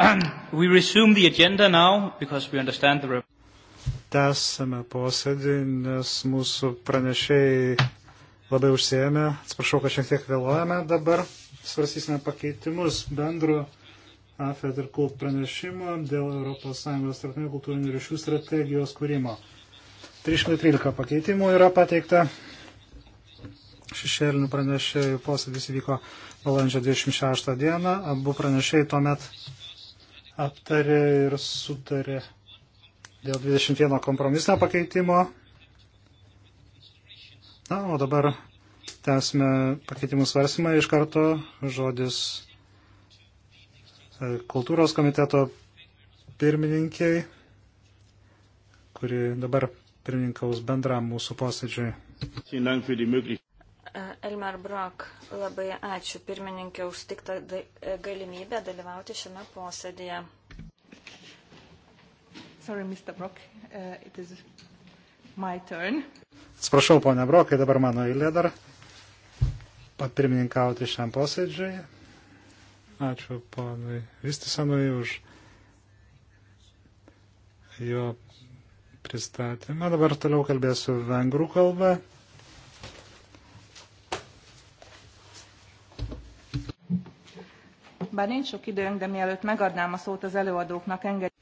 we resume the agenda now because we understand the. Tęsame posėdį, nes mūsų pranešėjai labai užsėmė. Atsiprašau, kad šiek tiek vėluojame dabar. Svarsysime pakeitimus bendro AFED ir KULT pranešimo dėl ES strateginių kultūrinių ryšių strategijos kūrimo. 313 pakeitimų yra pateikta. Šešėlinių pranešėjų posėdis vyko balandžio 26 dieną. Abu pranešėjai tuomet aptarė ir sutarė dėl 21 kompromisinio pakeitimo. Na, o dabar tęsime pakeitimų svarstymą iš karto žodis e, kultūros komiteto pirmininkiai, kuri dabar pirmininkaus bendram mūsų posėdžiui. Elmar Brok, labai ačiū pirmininkė už tiktą galimybę dalyvauti šiame posėdėje. Sorry, Mr. Brok, uh, it is my turn. Atsiprašau, ponia Brokai, dabar mano eilė dar papirmininkauti šiam posėdžiui. Ačiū ponui Vistisanui už jo pristatymą. Dabar toliau kalbėsiu vengrų kalbą. Bár nincs sok időnk, de mielőtt megadnám a szót az előadóknak, engedj.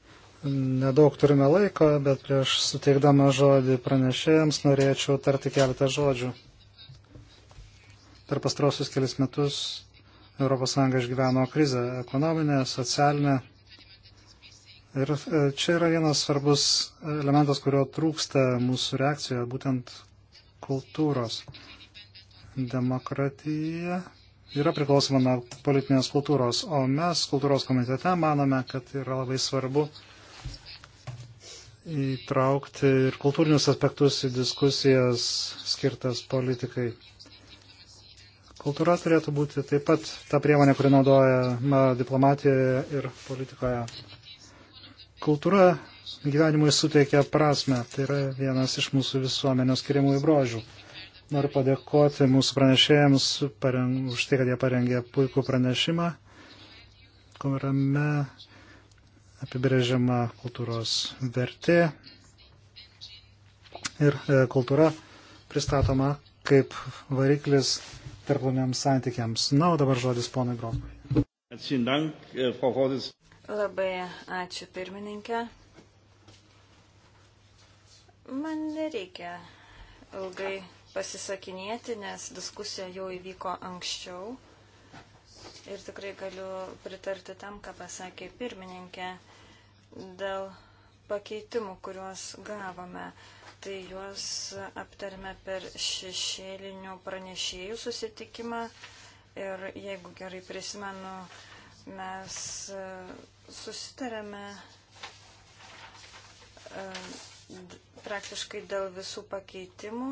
Nedaug turime laiko, bet prieš suteikdama žodį pranešėjams norėčiau tarti keletą žodžių. Per pastrosius kelis metus ES išgyveno krizę - ekonominę, socialinę. Ir e, čia yra vienas svarbus elementas, kurio trūksta mūsų reakcijoje, būtent kultūros. Demokratija yra priklausoma nuo politinės kultūros, o mes kultūros komitete manome, kad yra labai svarbu įtraukti ir kultūrinius aspektus į diskusijas skirtas politikai. Kultūra turėtų būti taip pat ta priemonė, kuri naudojama diplomatijoje ir politikoje. Kultūra gyvenimui suteikia prasme, tai yra vienas iš mūsų visuomenės skiriamųjų brožių. Noriu padėkoti mūsų pranešėjams pareng, už tai, kad jie parengė puikų pranešimą, kuriame apibrėžiama kultūros vertė ir e, kultūra pristatoma kaip variklis tarpuniams santykiams. Na, o dabar žodis ponui Gromui. Äh, Labai ačiū pirmininkė. Man nereikia ilgai pasisakinėti, nes diskusija jau įvyko anksčiau. Ir tikrai galiu pritarti tam, ką pasakė pirmininkė dėl pakeitimų, kuriuos gavome. Tai juos aptarėme per šešėlinių pranešėjų susitikimą. Ir jeigu gerai prisimenu, mes e, susitarėme e, praktiškai dėl visų pakeitimų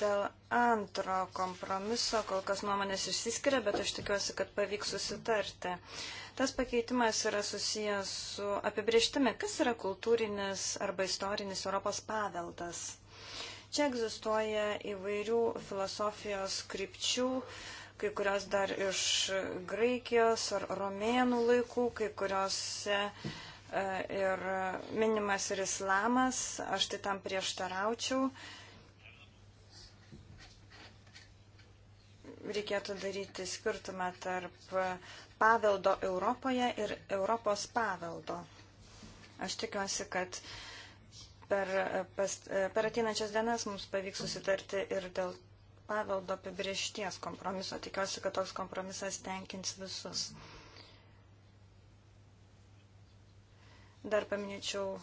Dėl antro kompromiso kol kas nuomonės išsiskiria, bet aš tikiuosi, kad pavyks susitarti. Tas pakeitimas yra susijęs su apibrieštimi, kas yra kultūrinis arba istorinis Europos paveldas. Čia egzistuoja įvairių filosofijos krypčių, kai kurios dar iš Graikijos ar Romėnų laikų, kai kuriuose e, ir minimas ir islamas, aš tai tam prieštaraučiau. reikėtų daryti skirtumą tarp paveldo Europoje ir Europos paveldo. Aš tikiuosi, kad per, pas, per ateinančias dienas mums pavyks susitarti ir dėl paveldo apibriešties kompromiso. Tikiuosi, kad toks kompromisas tenkins visus. Dar paminėčiau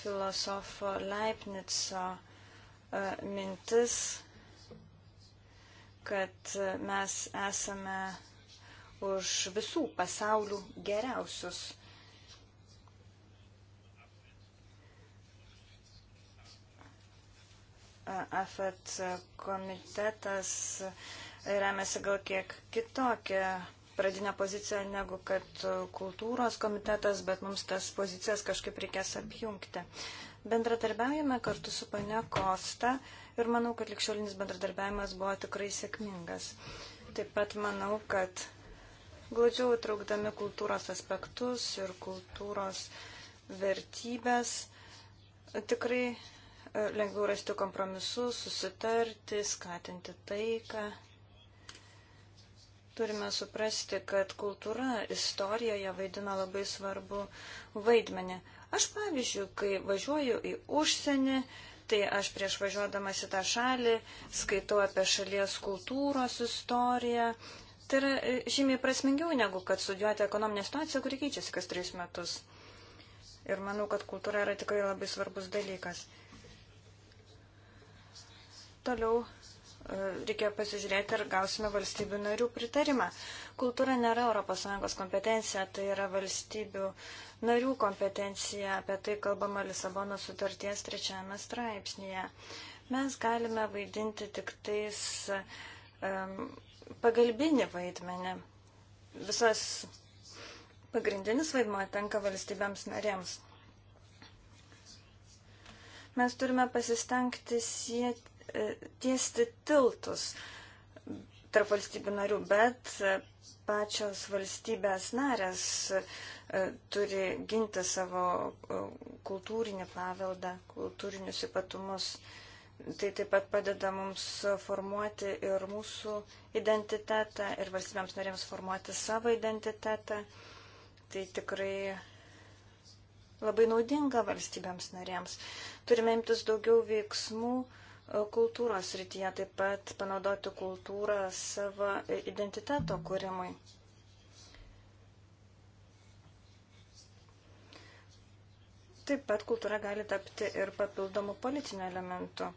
filosofo Leibnico e, mintis kad mes esame už visų pasaulių geriausius. AFET komitetas remiasi gal kiek kitokią pradinę poziciją negu kad kultūros komitetas, bet mums tas pozicijas kažkaip reikės apjungti. Bendratarbiaujame kartu su pane Kosta, uh, ir manau, kad likščiolinis bendradarbiavimas buvo tikrai sėkmingas. Taip pat manau, kad glaudžiau įtraukdami kultūros aspektus ir kultūros vertybės, tikrai e, lengviau rasti kompromisus, susitarti, skatinti taiką. Turime suprasti, kad kultūra istorijoje vaidina labai svarbu vaidmenį. Aš pavyzdžiui, kai važiuoju į užsienį, tai aš prieš važiuodamas į tą šalį skaitau apie šalies kultūros istoriją. Tai yra e, žymiai prasmingiau negu kad studijuoti ekonominę situaciją, kuri keičiasi kas tris metus. Ir manau, kad kultūra yra tikrai labai svarbus dalykas. Toliau reikia pasižiūrėti, ar gausime valstybių narių pritarimą. Kultūra nėra ES kompetencija, tai yra valstybių narių kompetencija, apie tai kalbama Lisabono sutarties trečiame straipsnėje. Mes galime vaidinti tik tais um, pagalbinį vaidmenį. Visas pagrindinis vaidmuo tenka valstybėms narėms mes turime pasistengti siekti, E, tiesti tiltus tarp valstybių narių, bet pačios valstybės narės e, turi ginti savo e, kultūrinį paveldą, kultūrinius ypatumus. Tai taip pat padeda mums formuoti ir mūsų identitetą, ir valstybėms narėms formuoti savo identitetą. Tai tikrai labai naudinga valstybėms narėms. Turime imtis daugiau veiksmų kultūros rytyje, taip pat panaudoti kultūrą savo identiteto kūrimui. Taip pat kultūra gali tapti ir papildomų politinių elementų.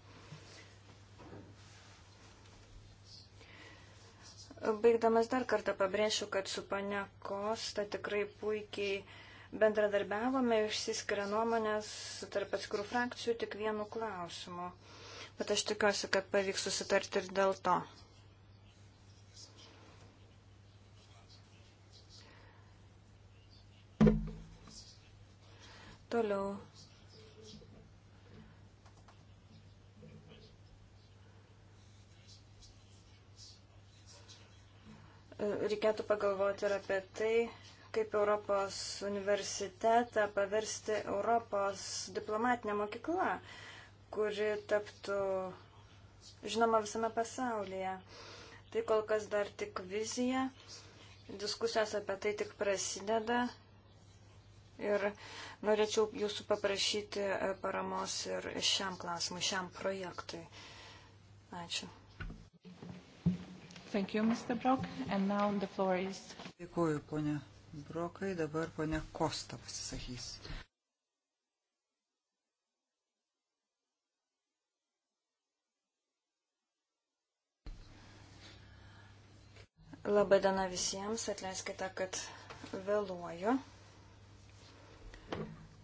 Baigdamas dar kartą pabrėšiu, kad su pane Kosta tikrai puikiai bendradarbiavome, išsiskiria nuomonės tarp atskirų frakcijų tik vienu klausimu bet aš tikiuosi, kad pavyks susitarti ir dėl to. Toliau. Reikėtų pagalvoti ir apie tai, kaip Europos universitetą paversti Europos diplomatinę mokyklą. Uh, kuri taptų žinoma visame pasaulyje. Tai kol kas dar tik vizija, diskusijos apie tai tik prasideda ir norėčiau jūsų paprašyti e, paramos ir šiam klausimui, šiam projektui. Ačiū. Thank you, Mr. Brock. And now the floor is. Dėkuoju, ponia Brokai. Dabar ponia Kosta pasisakys. Labai diena visiems, atleiskite, kad vėluoju.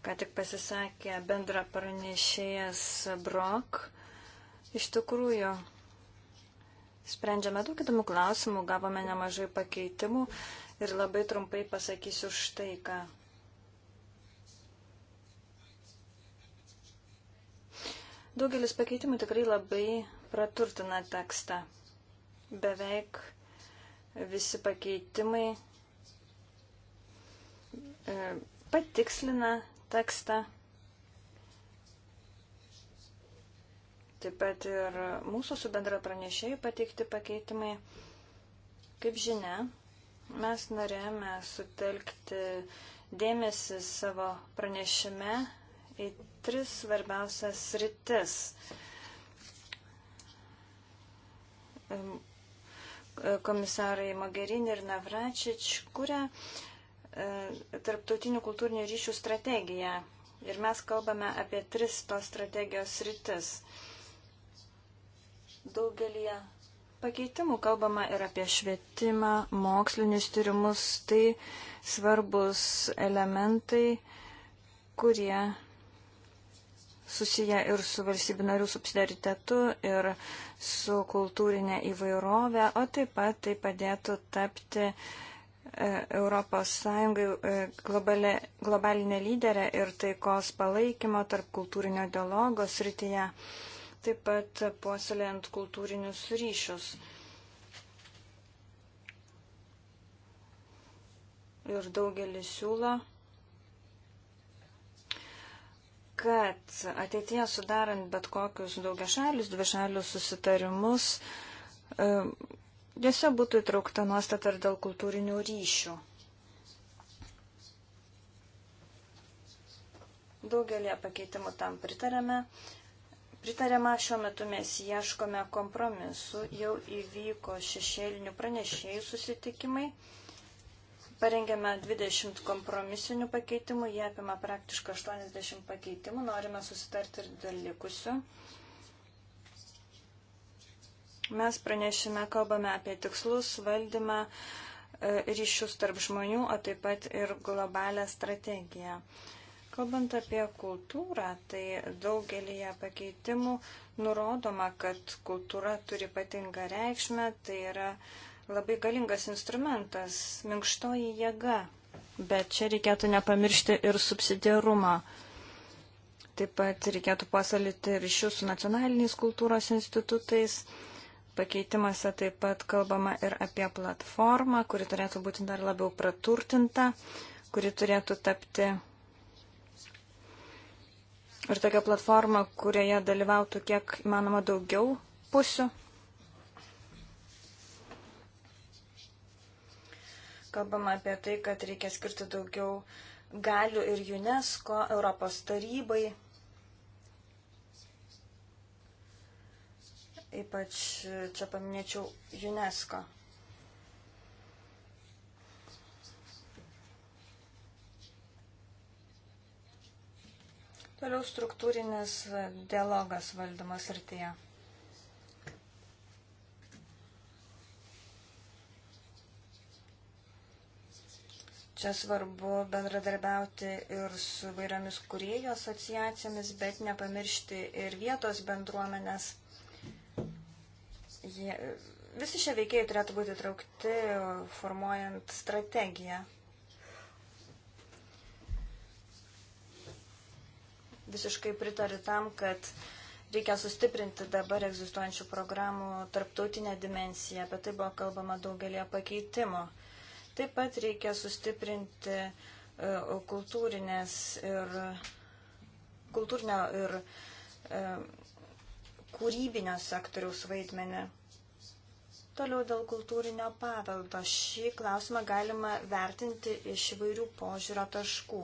Ką tik pasisakė bendra pranešėjas Brok. Iš tikrųjų, sprendžiame daug įdomių klausimų, gavome nemažai pakeitimų ir labai trumpai pasakysiu štai ką. Daugelis pakeitimų tikrai labai praturtina tekstą. Beveik visi pakeitimai e, patikslina tekstą. Taip pat ir mūsų su bendra pranešėjai pateikti pakeitimai. Kaip žinia, mes norėjome sutelkti dėmesį savo pranešime į tris svarbiausias rytis komisarai Magerini ir Navračič kūrė e, tarptautinių kultūrinių ryšių strategiją. Ir mes kalbame apie tris tos strategijos rytis. Daugelį pakeitimų kalbama ir apie švietimą, mokslinius tyrimus. Tai svarbus elementai, kurie susiję ir su valstybių narių subsidiaritetu, ir su kultūrinė įvairovė, o taip pat tai padėtų tapti e, Europos Sąjungai e, globalė, globalinė lyderė ir taikos palaikymo tarp kultūrinio dialogo srityje, taip pat puoselėjant kultūrinius ryšius. Ir daugelis siūlo kad ateitie sudarant bet kokius daugiašalius, dvišalius susitarimus, e, juose būtų įtraukta nuostata ir dėl kultūrinių ryšių. Daugelį pakeitimų tam pritarėme. Pritarėma šiuo metu mes ieškome kompromisu, jau įvyko šešėlinių pranešėjų susitikimai. Parengėme 20 kompromisinių pakeitimų, jie apima praktiškai 80 pakeitimų, norime susitarti ir dėl likusių. Mes pranešime, kalbame apie tikslus, valdymą, e, ryšius tarp žmonių, o taip pat ir globalę strategiją. Kalbant apie kultūrą, tai daugelį pakeitimų nurodoma, kad kultūra turi ypatingą reikšmę, tai yra uh, labai galingas instrumentas, minkštoji jėga. Bet čia reikėtų nepamiršti ir subsidiarumą. Taip pat reikėtų puoselėti ryšius su nacionaliniais kultūros institutais. Pakeitimuose taip pat kalbama ir apie platformą, kuri turėtų būti dar labiau praturtinta, kuri turėtų tapti ir tokia platforma, kurioje dalyvautų kiek įmanoma daugiau pusių. Kalbama apie tai, kad reikia skirti daugiau galių ir UNESCO, Europos tarybai, ypač čia paminėčiau UNESCO. Toliau struktūrinis dialogas valdymas artėja. Čia svarbu bendradarbiauti ir su vairiomis kuriejų asociacijomis, bet nepamiršti ir vietos bendruomenės. Jie, visi šie veikėjai turėtų būti traukti, formuojant strategiją. Visiškai pritariu tam, kad reikia sustiprinti dabar egzistuojančių programų tarptautinę dimensiją. Apie tai buvo kalbama daugelie pakeitimo. Taip pat reikia sustiprinti e, kultūrinės ir kultūrinio ir e, kūrybinio sektoriaus vaidmenį. Toliau dėl kultūrinio paveldo. Šį klausimą galima vertinti iš įvairių požiūrio taškų.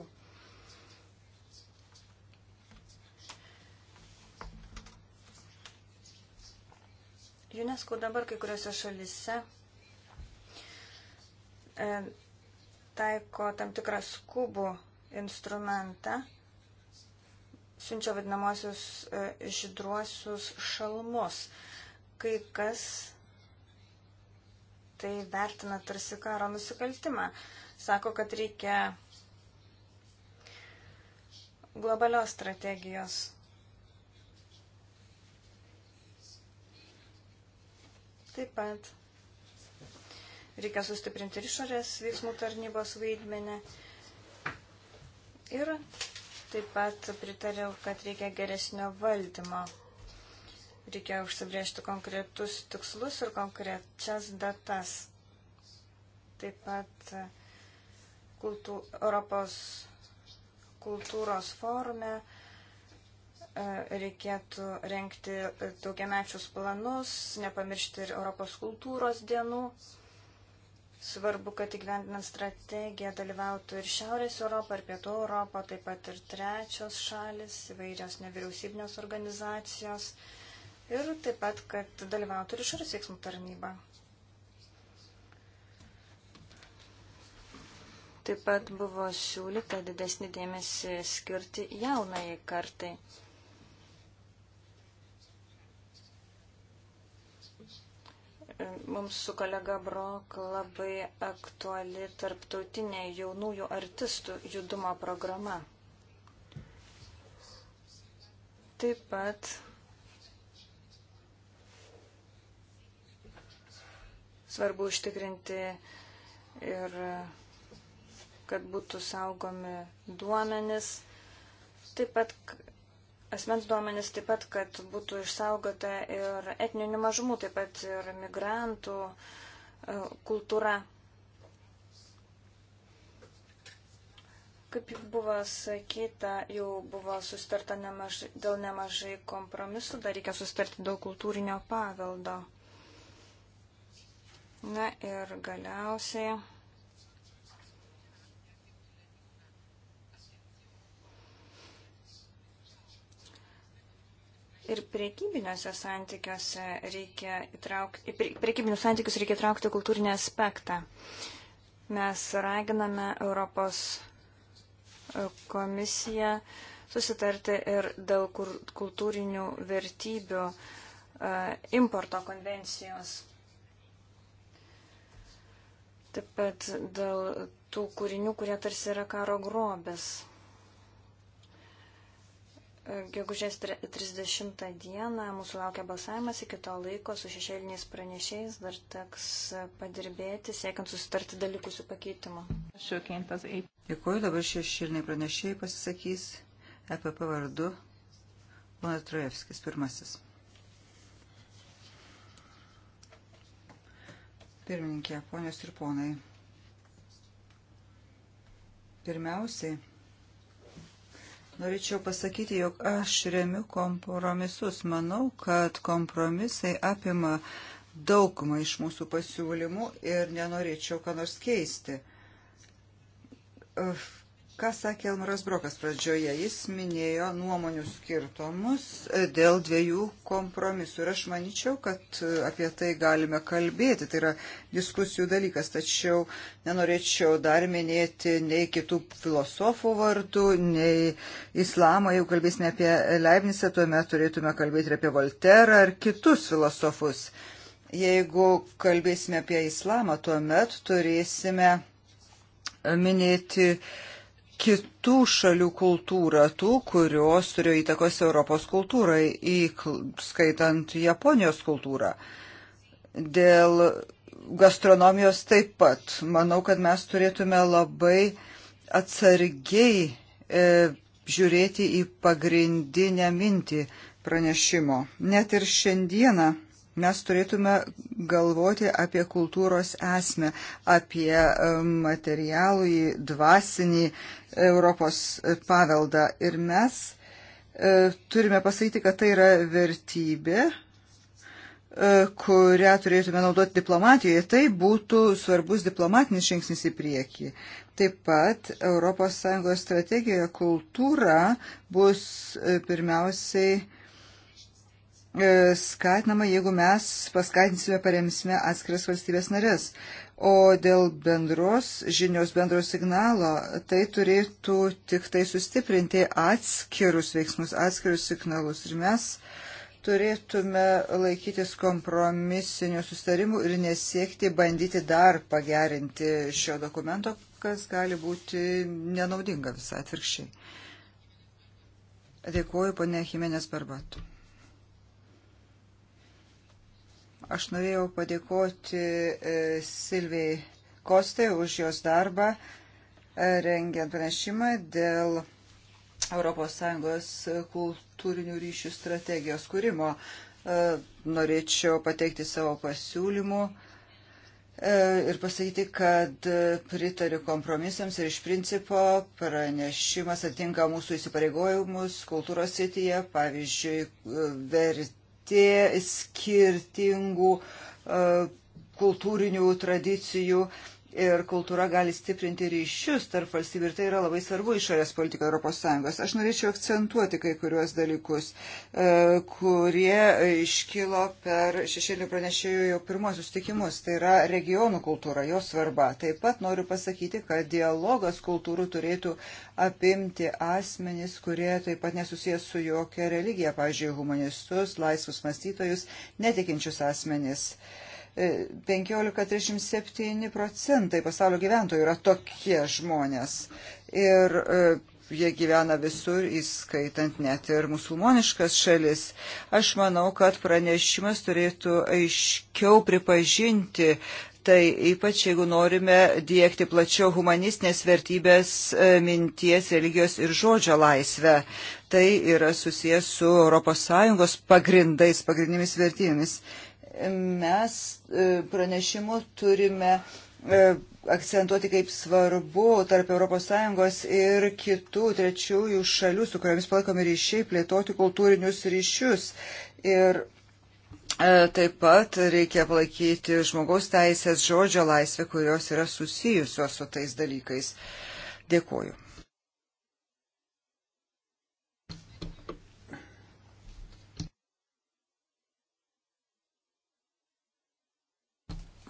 UNESCO dabar kai kuriuose šalise E, taiko tam tikrą skubų instrumentą, siunčia vadinamosius žydruosius e, šalmus. Kai kas tai vertina tarsi karo nusikaltimą. Sako, kad reikia globalios strategijos. Taip pat Reikia sustiprinti ir išorės veiksmų tarnybos vaidmenį. Ir taip pat pritariau, kad reikia geresnio valdymo. Reikia užsibriežti konkretus tikslus ir konkrečias datas. Taip pat e, kultų, Europos kultūros forume e, reikėtų renkti daugiamečius planus, nepamiršti ir Europos kultūros dienų. Svarbu, kad įgyvendinant strategiją dalyvautų ir Šiaurės Europą, ir Pietų Europą, taip pat ir trečios šalis, įvairios nevyriausybinės organizacijos ir taip pat, kad dalyvautų ir išorės veiksmų tarnyba. Taip pat buvo siūlyta didesnį dėmesį skirti jaunai kartai. mums su kolega Brok labai aktuali tarptautinė jaunųjų artistų judumo programa. Taip pat svarbu užtikrinti ir kad būtų saugomi duomenis, taip pat asmens duomenis, taip pat, kad būtų išsaugota ir etninių mažumų, taip pat ir migrantų e, kultūra. Kaip buvo sakyta, jau buvo sustarta nemažai, dėl nemažai kompromisų, dar reikia sustarti dėl kultūrinio paveldo. Na ir galiausiai. Ir priekybiniuose santykiuose reikia įtraukti, priekybinius santykius reikia įtraukti kultūrinį aspektą. Mes raginame Europos e, komisiją susitarti ir dėl kultūrinių vertybių e, importo konvencijos. Taip pat dėl tų kūrinių, kurie tarsi yra karo grobės. Gegužės 30 dieną mūsų laukia balsavimas, iki to laiko su šešėliniais pranešėjais dar teks padirbėti, siekiant susitarti dalykus su pakeitimu. Dėkuoju, dabar šešėliniai pranešėjai pasisakys EPP vardu. Ponas Trojevskis pirmasis. Pirmininkė, ponios ir ponai. Pirmiausiai, Norėčiau pasakyti, jog aš remiu kompromisus. Manau, kad kompromisai apima daugumą iš mūsų pasiūlymų ir nenorėčiau ką nors keisti. Uf Ką sakė Elmaras Brokas pradžioje? Jis minėjo nuomonių skirtumus e, dėl dviejų kompromisų. Ir aš manyčiau, kad e, apie tai galime kalbėti. Tai yra diskusijų dalykas. Tačiau nenorėčiau dar minėti nei kitų filosofų vardų, nei islamą. Jeigu kalbėsime apie Leibnisą, tuomet turėtume kalbėti ir apie Volterą ar kitus filosofus. Jeigu kalbėsime apie islamą, tuomet turėsime minėti uh, kitų šalių kultūrą, tų, kurios turėjo įtakos Europos kultūrai, įskaitant Japonijos kultūrą. Dėl gastronomijos taip pat. Manau, kad mes turėtume labai atsargiai e, žiūrėti į pagrindinę mintį pranešimo. Net ir šiandieną mes turėtume galvoti apie kultūros esmę, apie e, materialų, dvasinį Europos paveldą. Ir mes e, turime pasakyti, kad tai yra vertybė e, kurią turėtume naudoti diplomatijoje, tai būtų svarbus diplomatinis žingsnis į priekį. Taip pat ES strategijoje kultūra bus pirmiausiai uh, E, skatinama, jeigu mes paskatinsime, paremsime atskiras valstybės narės. O dėl bendros žinios, bendros signalo, tai turėtų tik tai sustiprinti atskirus veiksmus, atskirus signalus. Ir mes turėtume laikytis kompromisinių sustarimų ir nesiekti bandyti dar pagerinti šio dokumento, kas gali būti nenaudinga visai atvirkščiai. Dėkuoju, ponė Jimenės Barbatų. Aš norėjau padėkoti e, Silvijai Kostai už jos darbą e, rengiant pranešimą dėl ES kultūrinių ryšių strategijos kūrimo. E, norėčiau pateikti savo pasiūlymų ir pasakyti, kad pritariu kompromisams ir iš principo pranešimas atitinka mūsų įsipareigojimus kultūros srityje, pavyzdžiui, verti vertė skirtingų e, kultūrinių tradicijų. Uh, ir kultūra gali stiprinti ryšius tarp valstybių ir tai yra labai svarbu išorės politika ES. Aš norėčiau akcentuoti kai kuriuos dalykus, e, kurie iškilo per šešėlių pranešėjų jau pirmosius tikimus. Tai yra regionų kultūra, jos svarba. Taip pat noriu pasakyti, kad dialogas kultūrų turėtų apimti asmenys, kurie taip pat nesusijęs su jokia religija, pavyzdžiui, humanistus, laisvus mąstytojus, netikinčius asmenys. Uh, 15-37 e, procentai pasaulio gyventojų yra tokie žmonės. Ir e, jie gyvena visur, įskaitant net ir musulmoniškas šalis. Aš manau, kad pranešimas turėtų aiškiau pripažinti tai, ypač jeigu norime dėkti plačiau humanistinės vertybės e, minties, religijos ir žodžio laisvę. Tai yra susijęs su ES pagrindais, pagrindinėmis vertybėmis mes e, pranešimu turime e, akcentuoti, kaip svarbu tarp ES ir kitų trečiųjų šalių, su kuriamis palaikomi ryšiai, plėtoti kultūrinius ryšius. Ir e, taip pat reikia palaikyti žmogaus teisės žodžio laisvę, kurios yra susijusios su tais dalykais. Dėkuoju.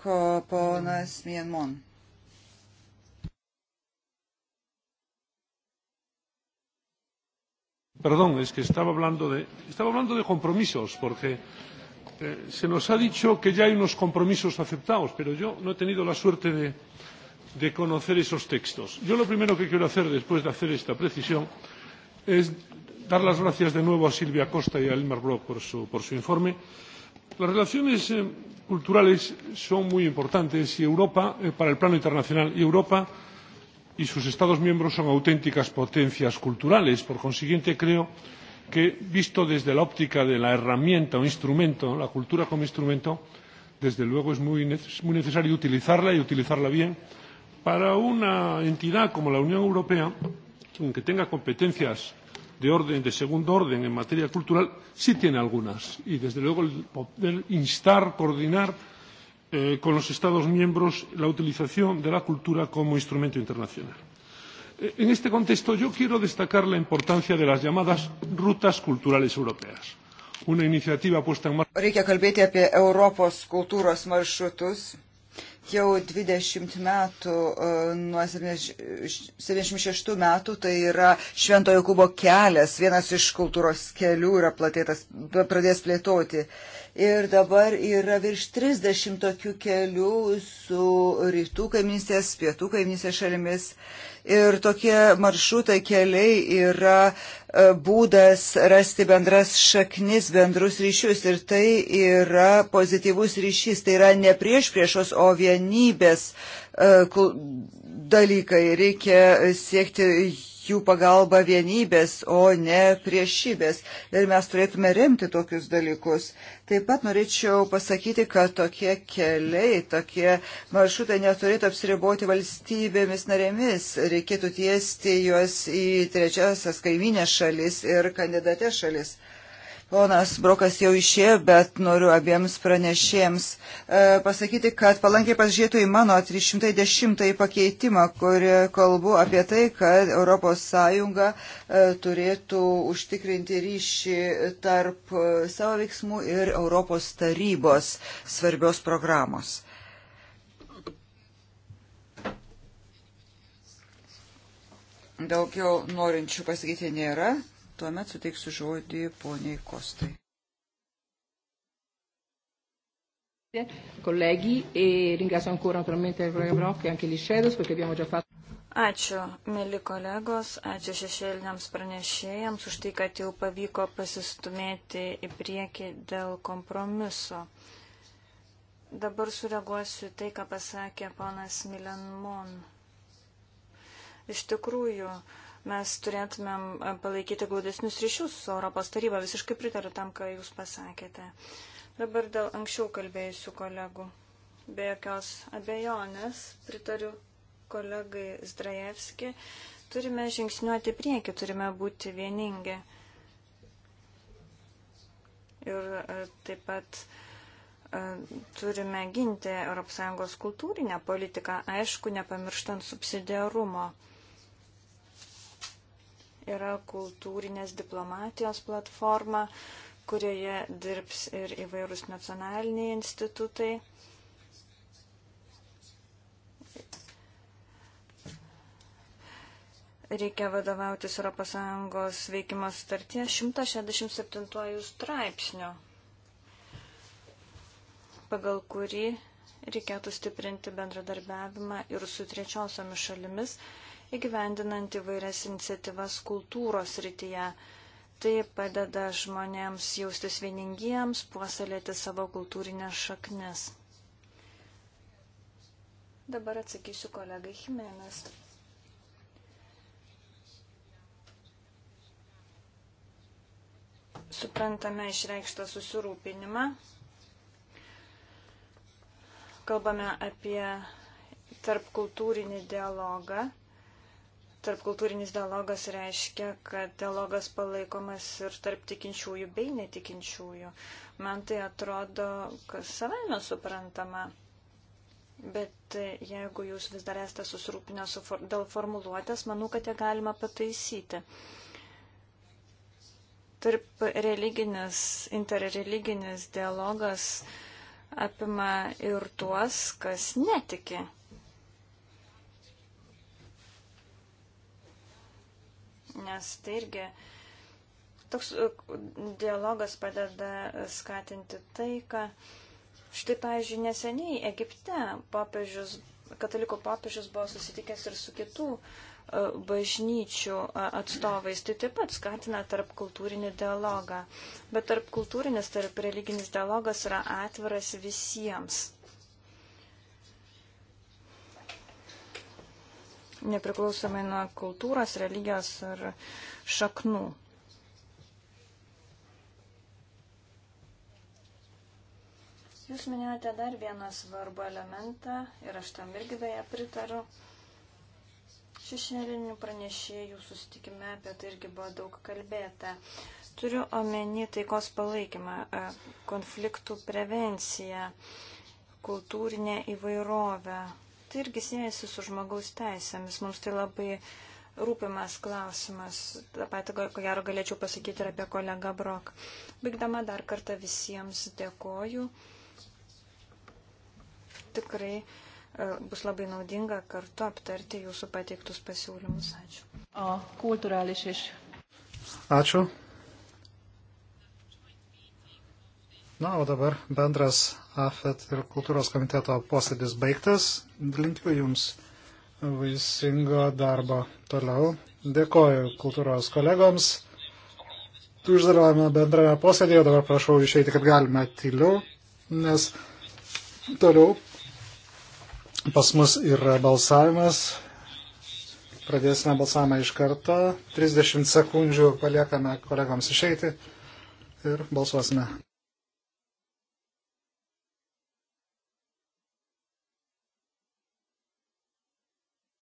sako ponas Mienmon. Perdón, es que estaba hablando de, estaba hablando de compromisos, porque eh, se nos ha dicho que ya hay unos compromisos aceptados, pero yo no he tenido la suerte de, de conocer esos textos. Yo lo primero que quiero hacer después de hacer esta precisión es dar las gracias de nuevo a Silvia Costa y a Elmar Brock por su, por su informe Las relaciones eh, culturales son muy importantes y Europa, eh, para el plano internacional, y Europa y sus Estados miembros son auténticas potencias culturales. Por consiguiente, creo que, visto desde la óptica de la herramienta o instrumento, la cultura como instrumento, desde luego es muy, neces muy necesario utilizarla y utilizarla bien para una entidad como la Unión Europea, aunque tenga competencias de, orden, de segundo orden en materia cultural sí tiene algunas y desde luego el poder instar coordinar eh, con los estados miembros la utilización de la cultura como instrumento internacional. Eh, en este contexto yo quiero destacar la importancia de las llamadas rutas culturales europeas. Una iniciativa puesta en marcha. Reikia kalbėti apie Europos kultūros maršrutus jau 20 metų e, nuo 76 metų, tai yra Šventojo Kubo kelias, vienas iš kultūros kelių yra platėtas, pradės plėtoti. Ir dabar yra virš 30 tokių kelių su rytų kaimynystės, pietų kaimynystės šalimis ir tokie maršrutai keliai yra e, būdas rasti bendras šaknis, bendrus ryšius ir tai yra pozityvus ryšys, tai yra ne prieš priešos, o vienybės e, dalykai. Reikia siekti jų pagalba vienybės, o ne priešybės. Ir mes turėtume remti tokius dalykus. Taip pat norėčiau pasakyti, kad tokie keliai, tokie maršrutai neturėtų apsiriboti valstybėmis narėmis. Reikėtų tiesti juos į trečiasias kaiminės šalis ir kandidatės šalis. Ponas Brokas jau išėjo, bet noriu abiems pranešėjams e, pasakyti, kad palankiai pasižiūrėtų į mano 310 pakeitimą, kur kalbu apie tai, kad ES e, turėtų užtikrinti ryšį tarp e, savo veiksmų ir Europos tarybos svarbios programos. Daugiau norinčių pasakyti nėra. Tuomet suteiksiu žodį poniai Kostai. Colleghi, e ringrazio ancora naturalmente il collega Brock e anche gli Shadows perché abbiamo già fatto. Ačiū, mėly kolegos, ačiū šešėliniams pranešėjams už tai, kad jau pavyko pasistumėti į priekį dėl kompromiso. Dabar sureaguosiu tai, ką pasakė ponas Milan Mon. Iš tikrųjų, uh, mes turėtumėm e, palaikyti glaudesnius ryšius su Europos taryba. Visiškai pritariu tam, ką Jūs pasakėte. Dabar dėl anksčiau kalbėjusių kolegų. Be jokios abejonės pritariu kolegai Zdrajevski. Turime žingsniuoti prieki, turime būti vieningi. Ir e, taip pat e, turime ginti ES kultūrinę politiką, aišku, nepamirštant subsidiarumo yra kultūrinės diplomatijos platforma, kurioje dirbs ir įvairūs nacionaliniai institutai. Reikia vadovautis ES veikimo starties 167 straipsnio, pagal kurį reikėtų stiprinti bendradarbiavimą ir su trečiosiomis šalimis, įgyvendinant įvairias iniciatyvas kultūros rytyje. Tai padeda žmonėms jaustis vieningiems, puoselėti savo kultūrinės šaknis. Dabar atsakysiu kolegai Jimenez. Suprantame išreikštą susirūpinimą. Kalbame apie tarp kultūrinį dialogą Tarpkultūrinis dialogas reiškia, kad dialogas palaikomas ir tarp tikinčiųjų bei netikinčiųjų. Man tai atrodo, kas savaime suprantama. Bet jeigu jūs vis dar esate susirūpinę su for, dėl formuluotės, manau, kad ją galima pataisyti. Tarp religinis, interreliginis dialogas apima ir tuos, kas netiki nes tai irgi toks e, dialogas padeda skatinti taiką. Štai, pavyzdžiui, neseniai Egipte popiežius, katalikų popiežius buvo susitikęs ir su kitų e, bažnyčių e, atstovais, tai taip pat skatina tarp kultūrinį dialogą. Bet tarp kultūrinis, tarp religinis dialogas yra atviras visiems. nepriklausomai nuo kultūros, religijos ar šaknų. Jūs minėjote dar vieną svarbų elementą ir aš tam irgi beje pritariu. Šešėlinių pranešėjų susitikime apie tai irgi buvo daug kalbėta. Turiu omeny taikos palaikymą, e, konfliktų prevenciją, kultūrinę įvairovę, tai irgi siejasi su žmogaus teisėmis. Mums tai labai rūpimas klausimas. Ta pati, ko gero, galėčiau pasakyti ir apie kolegą Brok. Baigdama dar kartą visiems dėkoju. Tikrai e, bus labai naudinga kartu aptarti jūsų pateiktus pasiūlymus. Ačiū. O, kultūrališiš. Ačiū. Na, o dabar bendras AFET ir kultūros komiteto posėdis baigtas. Linkiu Jums vaisingo darbo toliau. Dėkoju kultūros kolegoms. Uždarome bendrąją posėdį, o dabar prašau išeiti, kad galime tyliau, nes toliau pas mus yra balsavimas. Pradėsime balsavimą iš karto. 30 sekundžių paliekame kolegams išeiti ir balsuosime.